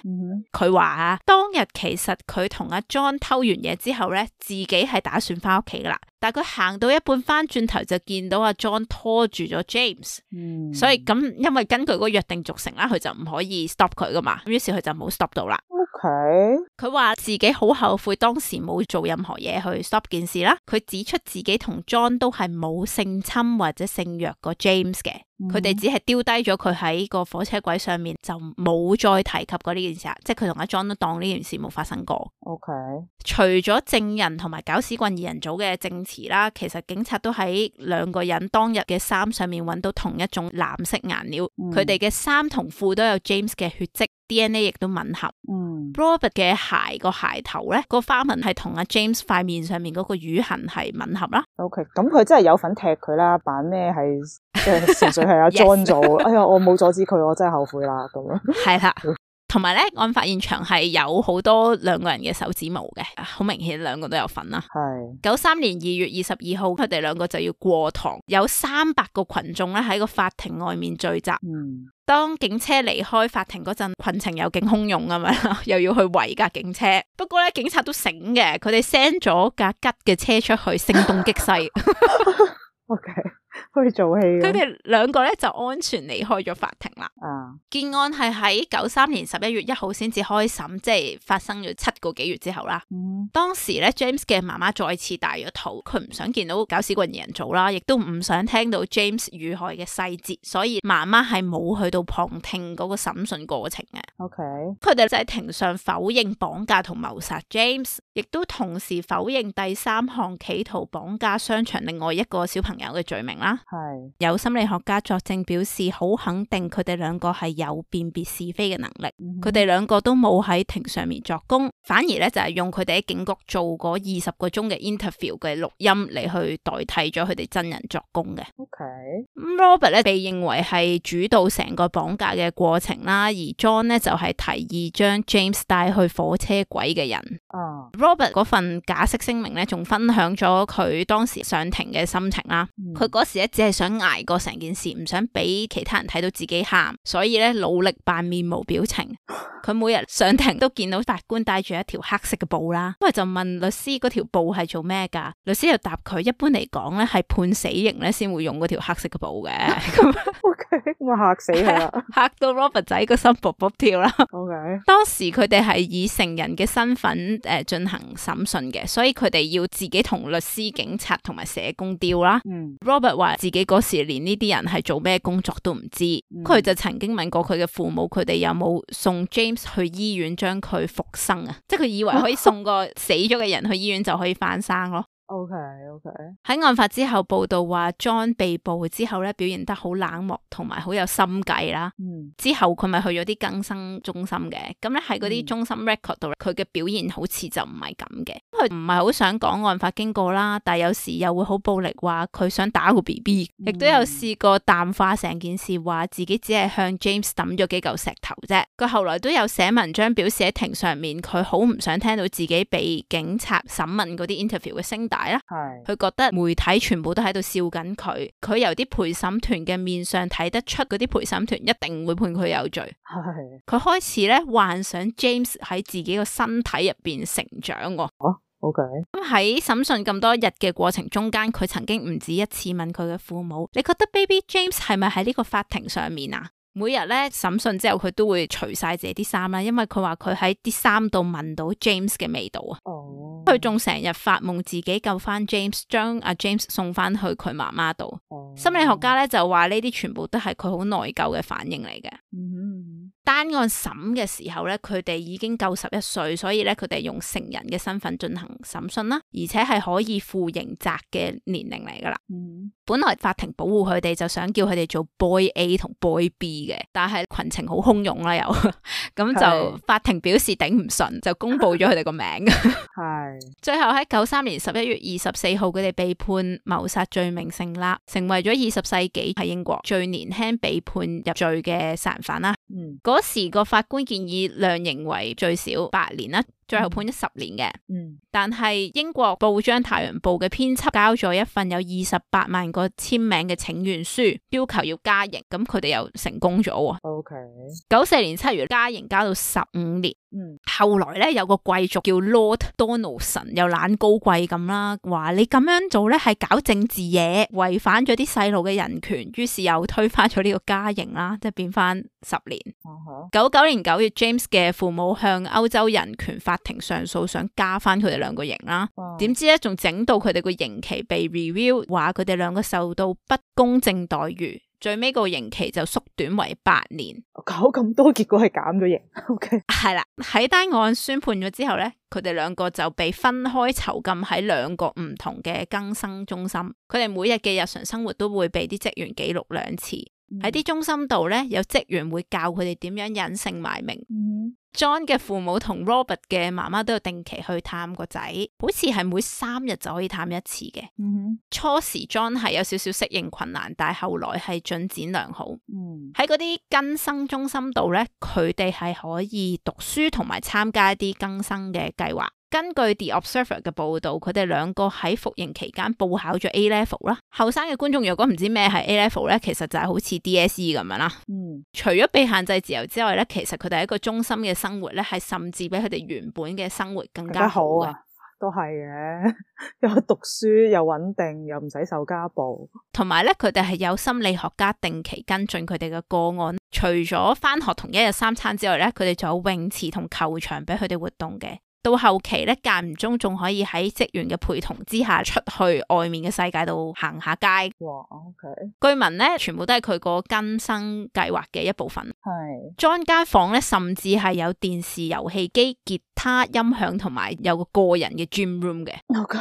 佢話啊，當日其實佢同阿 John 偷完嘢之後咧，自己係打算翻屋企噶啦，但係佢行到一半翻轉頭就見到阿 John 拖住咗 James， 所以咁因為根據嗰個約定俗成啦，佢就唔可以 stop 佢噶嘛，咁於是佢就冇 stop 到啦。佢佢話自己好後悔當時冇做任何嘢去 stop 件事啦。佢指出自己同 John 都係冇性侵或者性虐過 James 嘅。佢哋只係丟低咗佢喺個火車軌上面，就冇再提及過呢件事啊！即係佢同阿 John 都當呢件事冇發生過。OK，除咗證人同埋搞屎棍二人組嘅證詞啦，其實警察都喺兩個人當日嘅衫上面揾到同一種藍色顏料，佢哋嘅衫同褲都有 James 嘅血跡，DNA 亦都吻合。嗯，Robert 嘅鞋個鞋頭咧、個花紋係同阿 James 塊面上面嗰個瘀痕係吻合啦。OK，咁佢真係有份踢佢啦，扮咩係係啊，裝咗！哎呀，我冇阻止佢，我真係後悔啦咁樣。 係啦，同埋咧，案發現場係有好多兩個人嘅手指毛嘅，好明顯，兩個都有份啦、啊。係九三年二月二十二號，佢哋兩個就要過堂，有三百個群眾咧喺個法庭外面聚集。嗯，當警車離開法庭嗰陣，群情有勁洶湧咁樣，又要去圍架警車。不過咧，警察都醒嘅，佢哋 send 咗架吉嘅車出去，聲東擊西。 OK。佢哋做戲，佢哋兩個咧就安全離開咗法庭啦。啊，件案係喺九三年十一月一號先至開審，即係發生咗七個幾月之後啦。嗯，當時咧，James 嘅媽媽再次大咗肚，佢唔想見到搞屎棍嘅人做啦,亦都唔想聽到 James 遇害嘅細節,所以媽媽係冇去到旁聽嗰個審訊過程嘅。OK，佢哋就喺庭上否認綁架同謀殺 James。亦都同時否認第三項企圖綁架商場另外一個小朋友嘅罪名啦。係是有心理學家作證表示，好肯定佢哋兩個係有辨別是非嘅能力。佢哋、嗯、哼兩個都冇喺庭上面作供，反而咧就係用佢哋喺警局做過二十個鐘嘅 interview 嘅錄音嚟去代替咗佢哋真人作供嘅。OK，咁 Robert Okay. 咧被認為係主導成個綁架嘅過程啦，而 John 呢就係提議將 James 帶去火車軌嘅人。哦、嗯。Robert 嗰份假釋聲明咧，仲分享咗佢當時上庭嘅心情啦。佢嗰、mm. 時咧只係想捱過成件事，唔想俾其他人睇到自己喊，所以咧努力扮面無表情。佢 每日上庭都見到法官戴住一條黑色嘅布啦，咁就問律師嗰條布係做咩噶？律師又答佢：一般嚟講咧，係判死刑咧先會用嗰條黑色嘅布嘅。咁 Okay. 咪吓死啦！嚇到 Robert 仔個心卜卜跳，跳啦。 當時佢哋係以成人嘅身份誒進行審訊嘅，所以佢哋要自己同律師、警察同埋社工調啦。嗯、Robert 話自己嗰時連呢啲人係做咩工作都唔知，佢、嗯、就曾經問過佢嘅父母，佢哋有冇送 James 去醫院將佢復生啊？即係佢以為可以送個死咗嘅人去醫院就可以翻生咯。 O.K.O.K. Okay, okay. 喺案發之後報道話 Jon 被捕之後咧，表現得好冷漠同埋好有心計啦。嗯，之後佢咪去咗啲更生中心嘅，咁咧喺嗰啲中心 record 度，佢嘅表現好似就唔係咁嘅。佢唔係好想講案發經過啦，但係有時又會好暴力話佢想打個 B.B.，亦、嗯、都有試過淡化成件事，話自己只係向 James 抌咗幾嚿石頭啫。佢後來都有寫文章表示喺庭上面，佢好唔想聽到自己被警察審問嗰啲 interview 嘅聲係，佢覺得媒體全部都喺度笑緊佢，佢由啲陪審團嘅面上睇得出，嗰啲陪審團一定會判佢有罪。佢開始咧幻想 James 喺自己個身體入邊成長。哦，OK。咁喺審訊咁多日嘅過程中間，佢曾經唔止一次問佢嘅父母：你覺得 Baby James 係咪喺呢個法庭上面啊？每日咧審訊之後，佢都會除晒自己啲衫啦，因為佢話佢喺啲衫度聞到 James 嘅味道啊。哦，佢仲成日發夢自己救翻 James，將阿 James 送翻去佢媽媽度。Oh. 心理學家咧就話呢啲全部都係佢好內疚嘅反應嚟嘅。嗯、mm，hmm. 單案審嘅時候咧，佢哋已經夠十一歲，所以咧佢哋用成人嘅身份進行審訊啦，而且係可以負刑責嘅年齡嚟噶啦。嗯、mm。Hmm. 本來法庭保護佢哋，就想叫佢哋做 Boy A 同 Boy B 嘅，但係群情好洶湧啦，又咁 就法庭表示頂唔順，就公布咗佢哋個名。係最後喺九三年十一月二十四號，佢哋被判謀殺罪名成立，成為咗二十世紀喺英國最年輕被判入罪嘅殺人犯啦。嗰、mm. 時個法官建議量刑為最少八年啦。最後判咗十年嘅，嗯、但係英國報章《太陽報》嘅編輯交咗一份有二十八萬個簽名嘅請願書，要求要加刑，咁佢哋又成功咗。OK，九四年七月加刑加到十五年。嗯，後來咧有個貴族叫 Lord Donaldson 又懶高貴咁啦，話你咁樣做咧係搞政治嘢，違反咗啲細路嘅人權，於是又推翻咗呢個加刑啦，即係變翻十年。嗯哼。九九年九月，James 嘅父母向歐洲人權法庭上訴，想加翻佢哋兩個刑啦，點知咧仲整到佢哋個刑期被 review，話佢哋兩個受到不公正待遇。最尾個刑期就縮短為八年，搞咁多結果係減咗刑。O K，係啦，喺單案宣判咗之後咧，佢哋兩個就被分開囚禁喺兩個唔同嘅更生中心，佢哋每日嘅日常生活都會被啲職員記錄兩次，喺啲中心度咧有職員會教佢哋點樣隱姓埋名。嗯 Jon 嘅父母同 Robert 嘅媽媽都有定期去探個仔，好似係每三日就可以探一次嘅。初時 Jon 係有少少適應困難，但係後來係進展良好。喺嗰啲更生中心度咧，佢哋係可以讀書同埋參加一啲更生嘅計劃。根據 The Observer 嘅報道，佢哋兩個喺服刑期間報考咗 A Level 啦。後生嘅觀眾如果唔知咩係 A Level 咧，其實就係好似 DSE 咁樣啦。嗯，除咗被限制自由之外咧，其實佢哋喺一個中心嘅生活咧，係甚至比佢哋原本嘅生活更加好嘅。都係嘅，又讀書又穩定，又唔使受家暴，同埋咧，佢哋係有心理學家定期跟進佢哋嘅個案。除咗翻學同一日三餐之外咧，佢哋仲有泳池同球場俾佢哋活動嘅。到後期咧，間唔中仲可以喺職員嘅陪同之下出去外面嘅世界度行下街。哇，OK。據聞咧，全部都係佢個更生計劃嘅一部分。係是。裝間房咧，甚至係有電視遊戲機、遊戲機、吉他、音響同埋有個個人嘅 dream room 嘅。OK，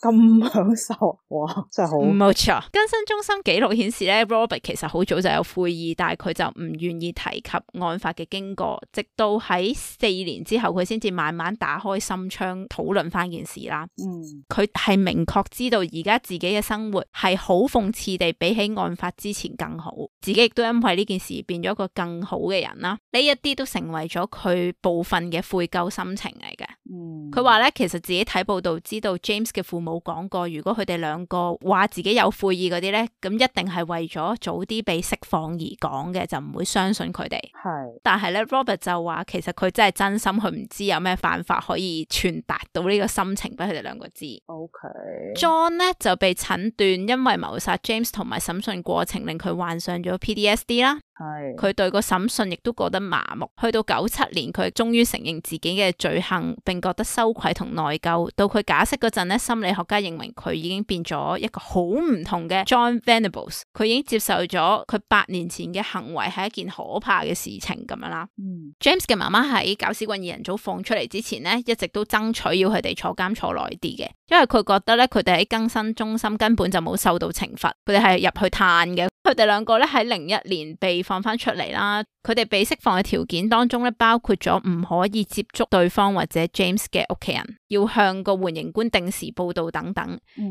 咁享受。哇，真係好。冇錯。更生中心記錄顯示咧，Robert 其實好早就有悔意，但係佢就唔願意提及案發嘅經過。直到喺四年之後，佢先至慢慢。打開心窗討論翻件事啦。嗯，佢係明確知道而家自己嘅生活係好諷刺地比起案發之前更好，自己亦都因為呢件事變咗一個更好嘅人啦。呢一啲都成為咗佢部分嘅悔疚心情嚟嘅。嗯，佢話咧，其實自己睇報道知道 James 嘅父母講過，如果佢哋兩個話自己有悔意嗰啲咧，咁一定係為咗早啲被釋放而講嘅，就唔會相信佢哋。係是。但係咧，Robert 就話其實佢真係真心，佢唔知有咩反法可以傳達到呢個心情，畀佢哋兩個字。OK，John 呢就被診斷因為謀殺 James 同埋審訊過程，令佢患上咗 PDSD 啦。係佢對個審訊亦都覺得麻木，去到九七年佢終於承認自己嘅罪行，並覺得羞愧同內疚。到佢假釋嗰陣咧，心理學家認為佢已經變咗一個好唔同嘅 Jon Venables，佢已經接受咗佢八年前嘅行為係一件可怕嘅事情咁樣啦。嗯、James 嘅媽媽喺搞屎棍二人組放出嚟之前咧，一直都爭取要佢哋坐監坐耐啲嘅，因為佢覺得咧，佢哋喺更新中心根本就冇受到懲罰，佢哋係入去嘆嘅。佢哋兩個咧喺零一年被放翻出嚟啦，佢哋被釋放嘅條件當中咧，包括咗唔可以接觸對方或者 James 嘅屋企人。要向個緩刑官定時報到等等。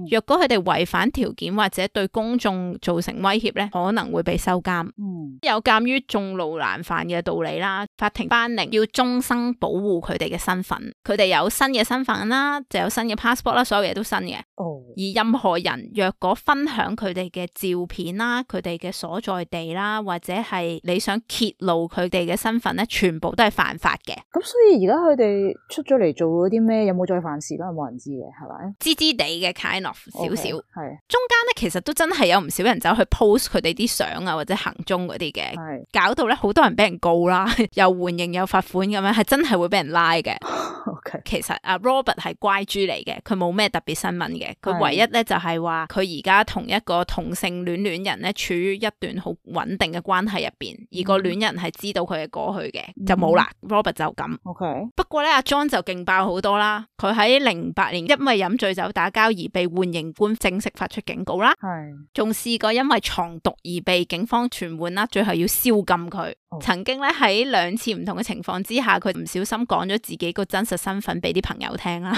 若果佢哋違反條件或者對公眾造成威脅咧，可能會被收監。嗯、有鑒於眾怒難犯嘅道理啦，法庭頒令要終生保護佢哋嘅身份。佢哋有新嘅身份啦，就有新嘅 passport 啦，所有嘢都新嘅。哦、而任何人若果分享佢哋嘅照片啦、佢哋嘅所在地啦，或者係你想揭露佢哋嘅身份咧，全部都係犯法嘅。咁所以而家佢哋出咗嚟做咗啲咩？有冇？再犯事都係冇人知嘅，係咪？知知地嘅 kind of 少少，係。中間咧，其實都真係有唔少人走去 post 佢哋啲相啊，或者行蹤嗰啲嘅，是搞到咧好多人俾人告啦， 又緩刑又罰款咁樣，係真係會俾人拉嘅。 Okay. 其實啊，Robert 係乖豬嚟嘅，佢冇咩特別新聞嘅。佢唯一咧就係話佢而家同一個同性戀戀人咧處於一段好穩定嘅關係入邊，而個戀人係知道佢嘅過去嘅，就冇啦。嗯、Robert 就咁。Okay. 不過咧，阿 John 就勁爆好多啦。佢喺零八年因為飲醉酒打交而被緩刑官正式發出警告啦。係是。仲試過因為藏毒而被警方傳喚啦，最後要消禁佢。Okay. 曾經咧喺兩次唔同嘅情況之下，佢唔小心講咗自己個真。身份俾啲朋友聽啦，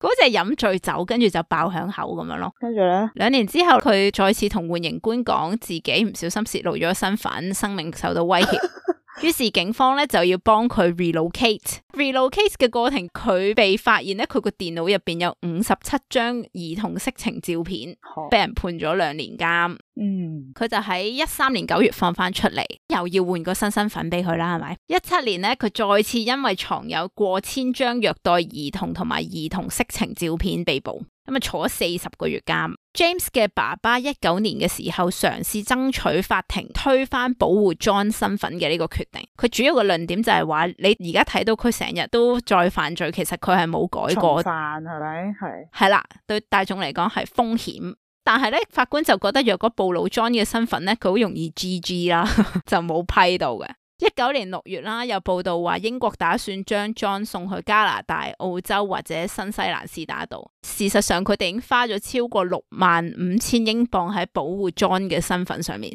嗰隻飲醉酒跟住就爆響口咁樣咯，跟住咧兩年之後佢再次同緩刑官講自己唔小心洩露咗身份，生命受到威脅。 於是警方咧就要幫佢 re relocate relocate 嘅過程，佢被發現咧佢個電腦入邊有五十七張兒童色情照片，Oh. 被人判咗兩年監。嗯，佢就喺一三年九月放翻，出嚟，又要換個新身份俾佢啦，係咪？一七年咧，佢再次因為藏有過千張虐待兒童同埋兒童色情照片被捕。咁啊，坐咗四十個月監。James 嘅爸爸一九年嘅時候嘗試爭取法庭推翻保護 John 身份嘅呢個決定。佢主要嘅論點就係話，你而家睇到佢成日都再犯罪，其實佢係冇改過，重犯，係咪？係係啦，對大眾嚟講係風險。但係咧，法官就覺得若果暴露 John 嘅身份咧，佢好容易 G G 啦， 就冇批到嘅。一九年六月啦，有報道話英國打算將 John 送去加拿大、澳洲或者新西蘭斯打道。事實上，佢哋已經花咗超過六萬五千英鎊喺保護 John 嘅身份上面，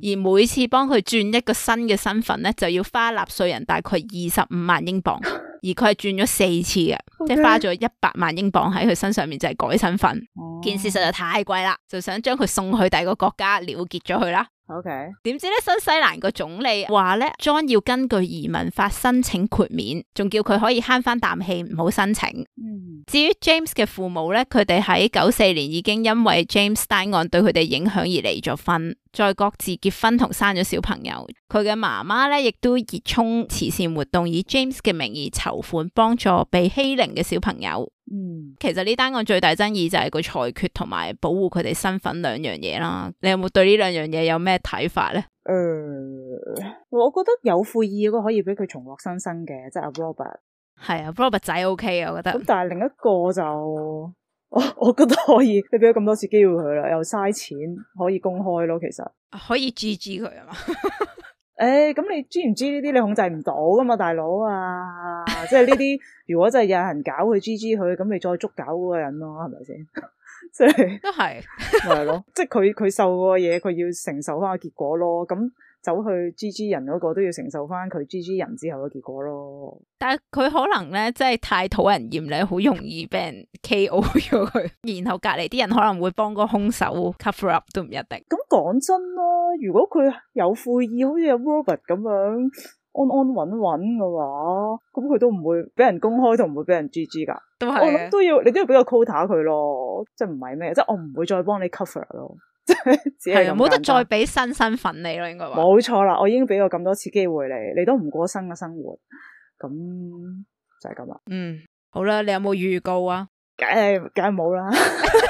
而每次幫佢轉一個新嘅身份咧，就要花納稅人大概二十五萬英鎊，而佢係轉咗四次嘅，Okay. 即係花咗一百萬英鎊喺佢身上面就係改身份。Oh. 件事實在太貴啦，就想將佢送去第二個國家了結咗佢啦。O.K.，點知咧？新西蘭個總理話咧，John 要根據移民法申請豁免，仲叫佢可以慳翻啖氣唔好申請。至於 James 嘅父母咧，佢哋喺九四年已經因為 James 單案對佢哋影響而離咗婚。再各自結婚同生咗小朋友，佢嘅媽媽咧亦都熱衷慈善活動，以 James 嘅名義籌款幫助被欺凌嘅小朋友。嗯，其實呢單案最大爭議就係個裁決同埋保護佢哋身份兩樣嘢啦。你有冇對兩有呢兩樣嘢有咩睇法咧？誒、嗯，我覺得有悔意嗰個可以俾佢重獲新生嘅，即係 Robert。係啊，Robert 仔 OK 啊，我覺得。咁但係另一個就。我我覺得可以，你俾咗咁多次機會佢啦，又嘥錢，可以公開咯，其實可以 GG、 欸、G G 佢啊嘛？誒，咁你知唔知呢啲你控制唔到噶嘛，大佬啊！ 即係呢啲，如果真係有人搞佢，G G 佢，咁你再捉搞嗰個人咯，係咪先？即係都係是，係 咯，即係佢佢受過嘅嘢，佢要承受翻個結果咯，咁。走去 G G 人嗰個都要承受翻佢 G G 人之後嘅結果咯。但係佢可能咧，即係太討人厭咧，好容易俾人 K O 咗佢。 然後隔籬啲人可能會幫個凶手 cover up 都唔一定。咁講真啦，如果佢有悔意，好似有 Robert 咁樣安安穩穩嘅話，咁佢都唔會俾人公開，同唔會俾人 G G 噶。都係，我諗都要你都要俾個 quota 佢咯，即係唔係咩？即係我唔會再幫你 cover 咯。係冇得再俾新身份你咯，應該話冇錯啦。我已經俾過咁多次機會你，你都唔過新嘅生活，咁就係咁啦。嗯，好啦，你有冇預告啊？梗係梗係冇啦。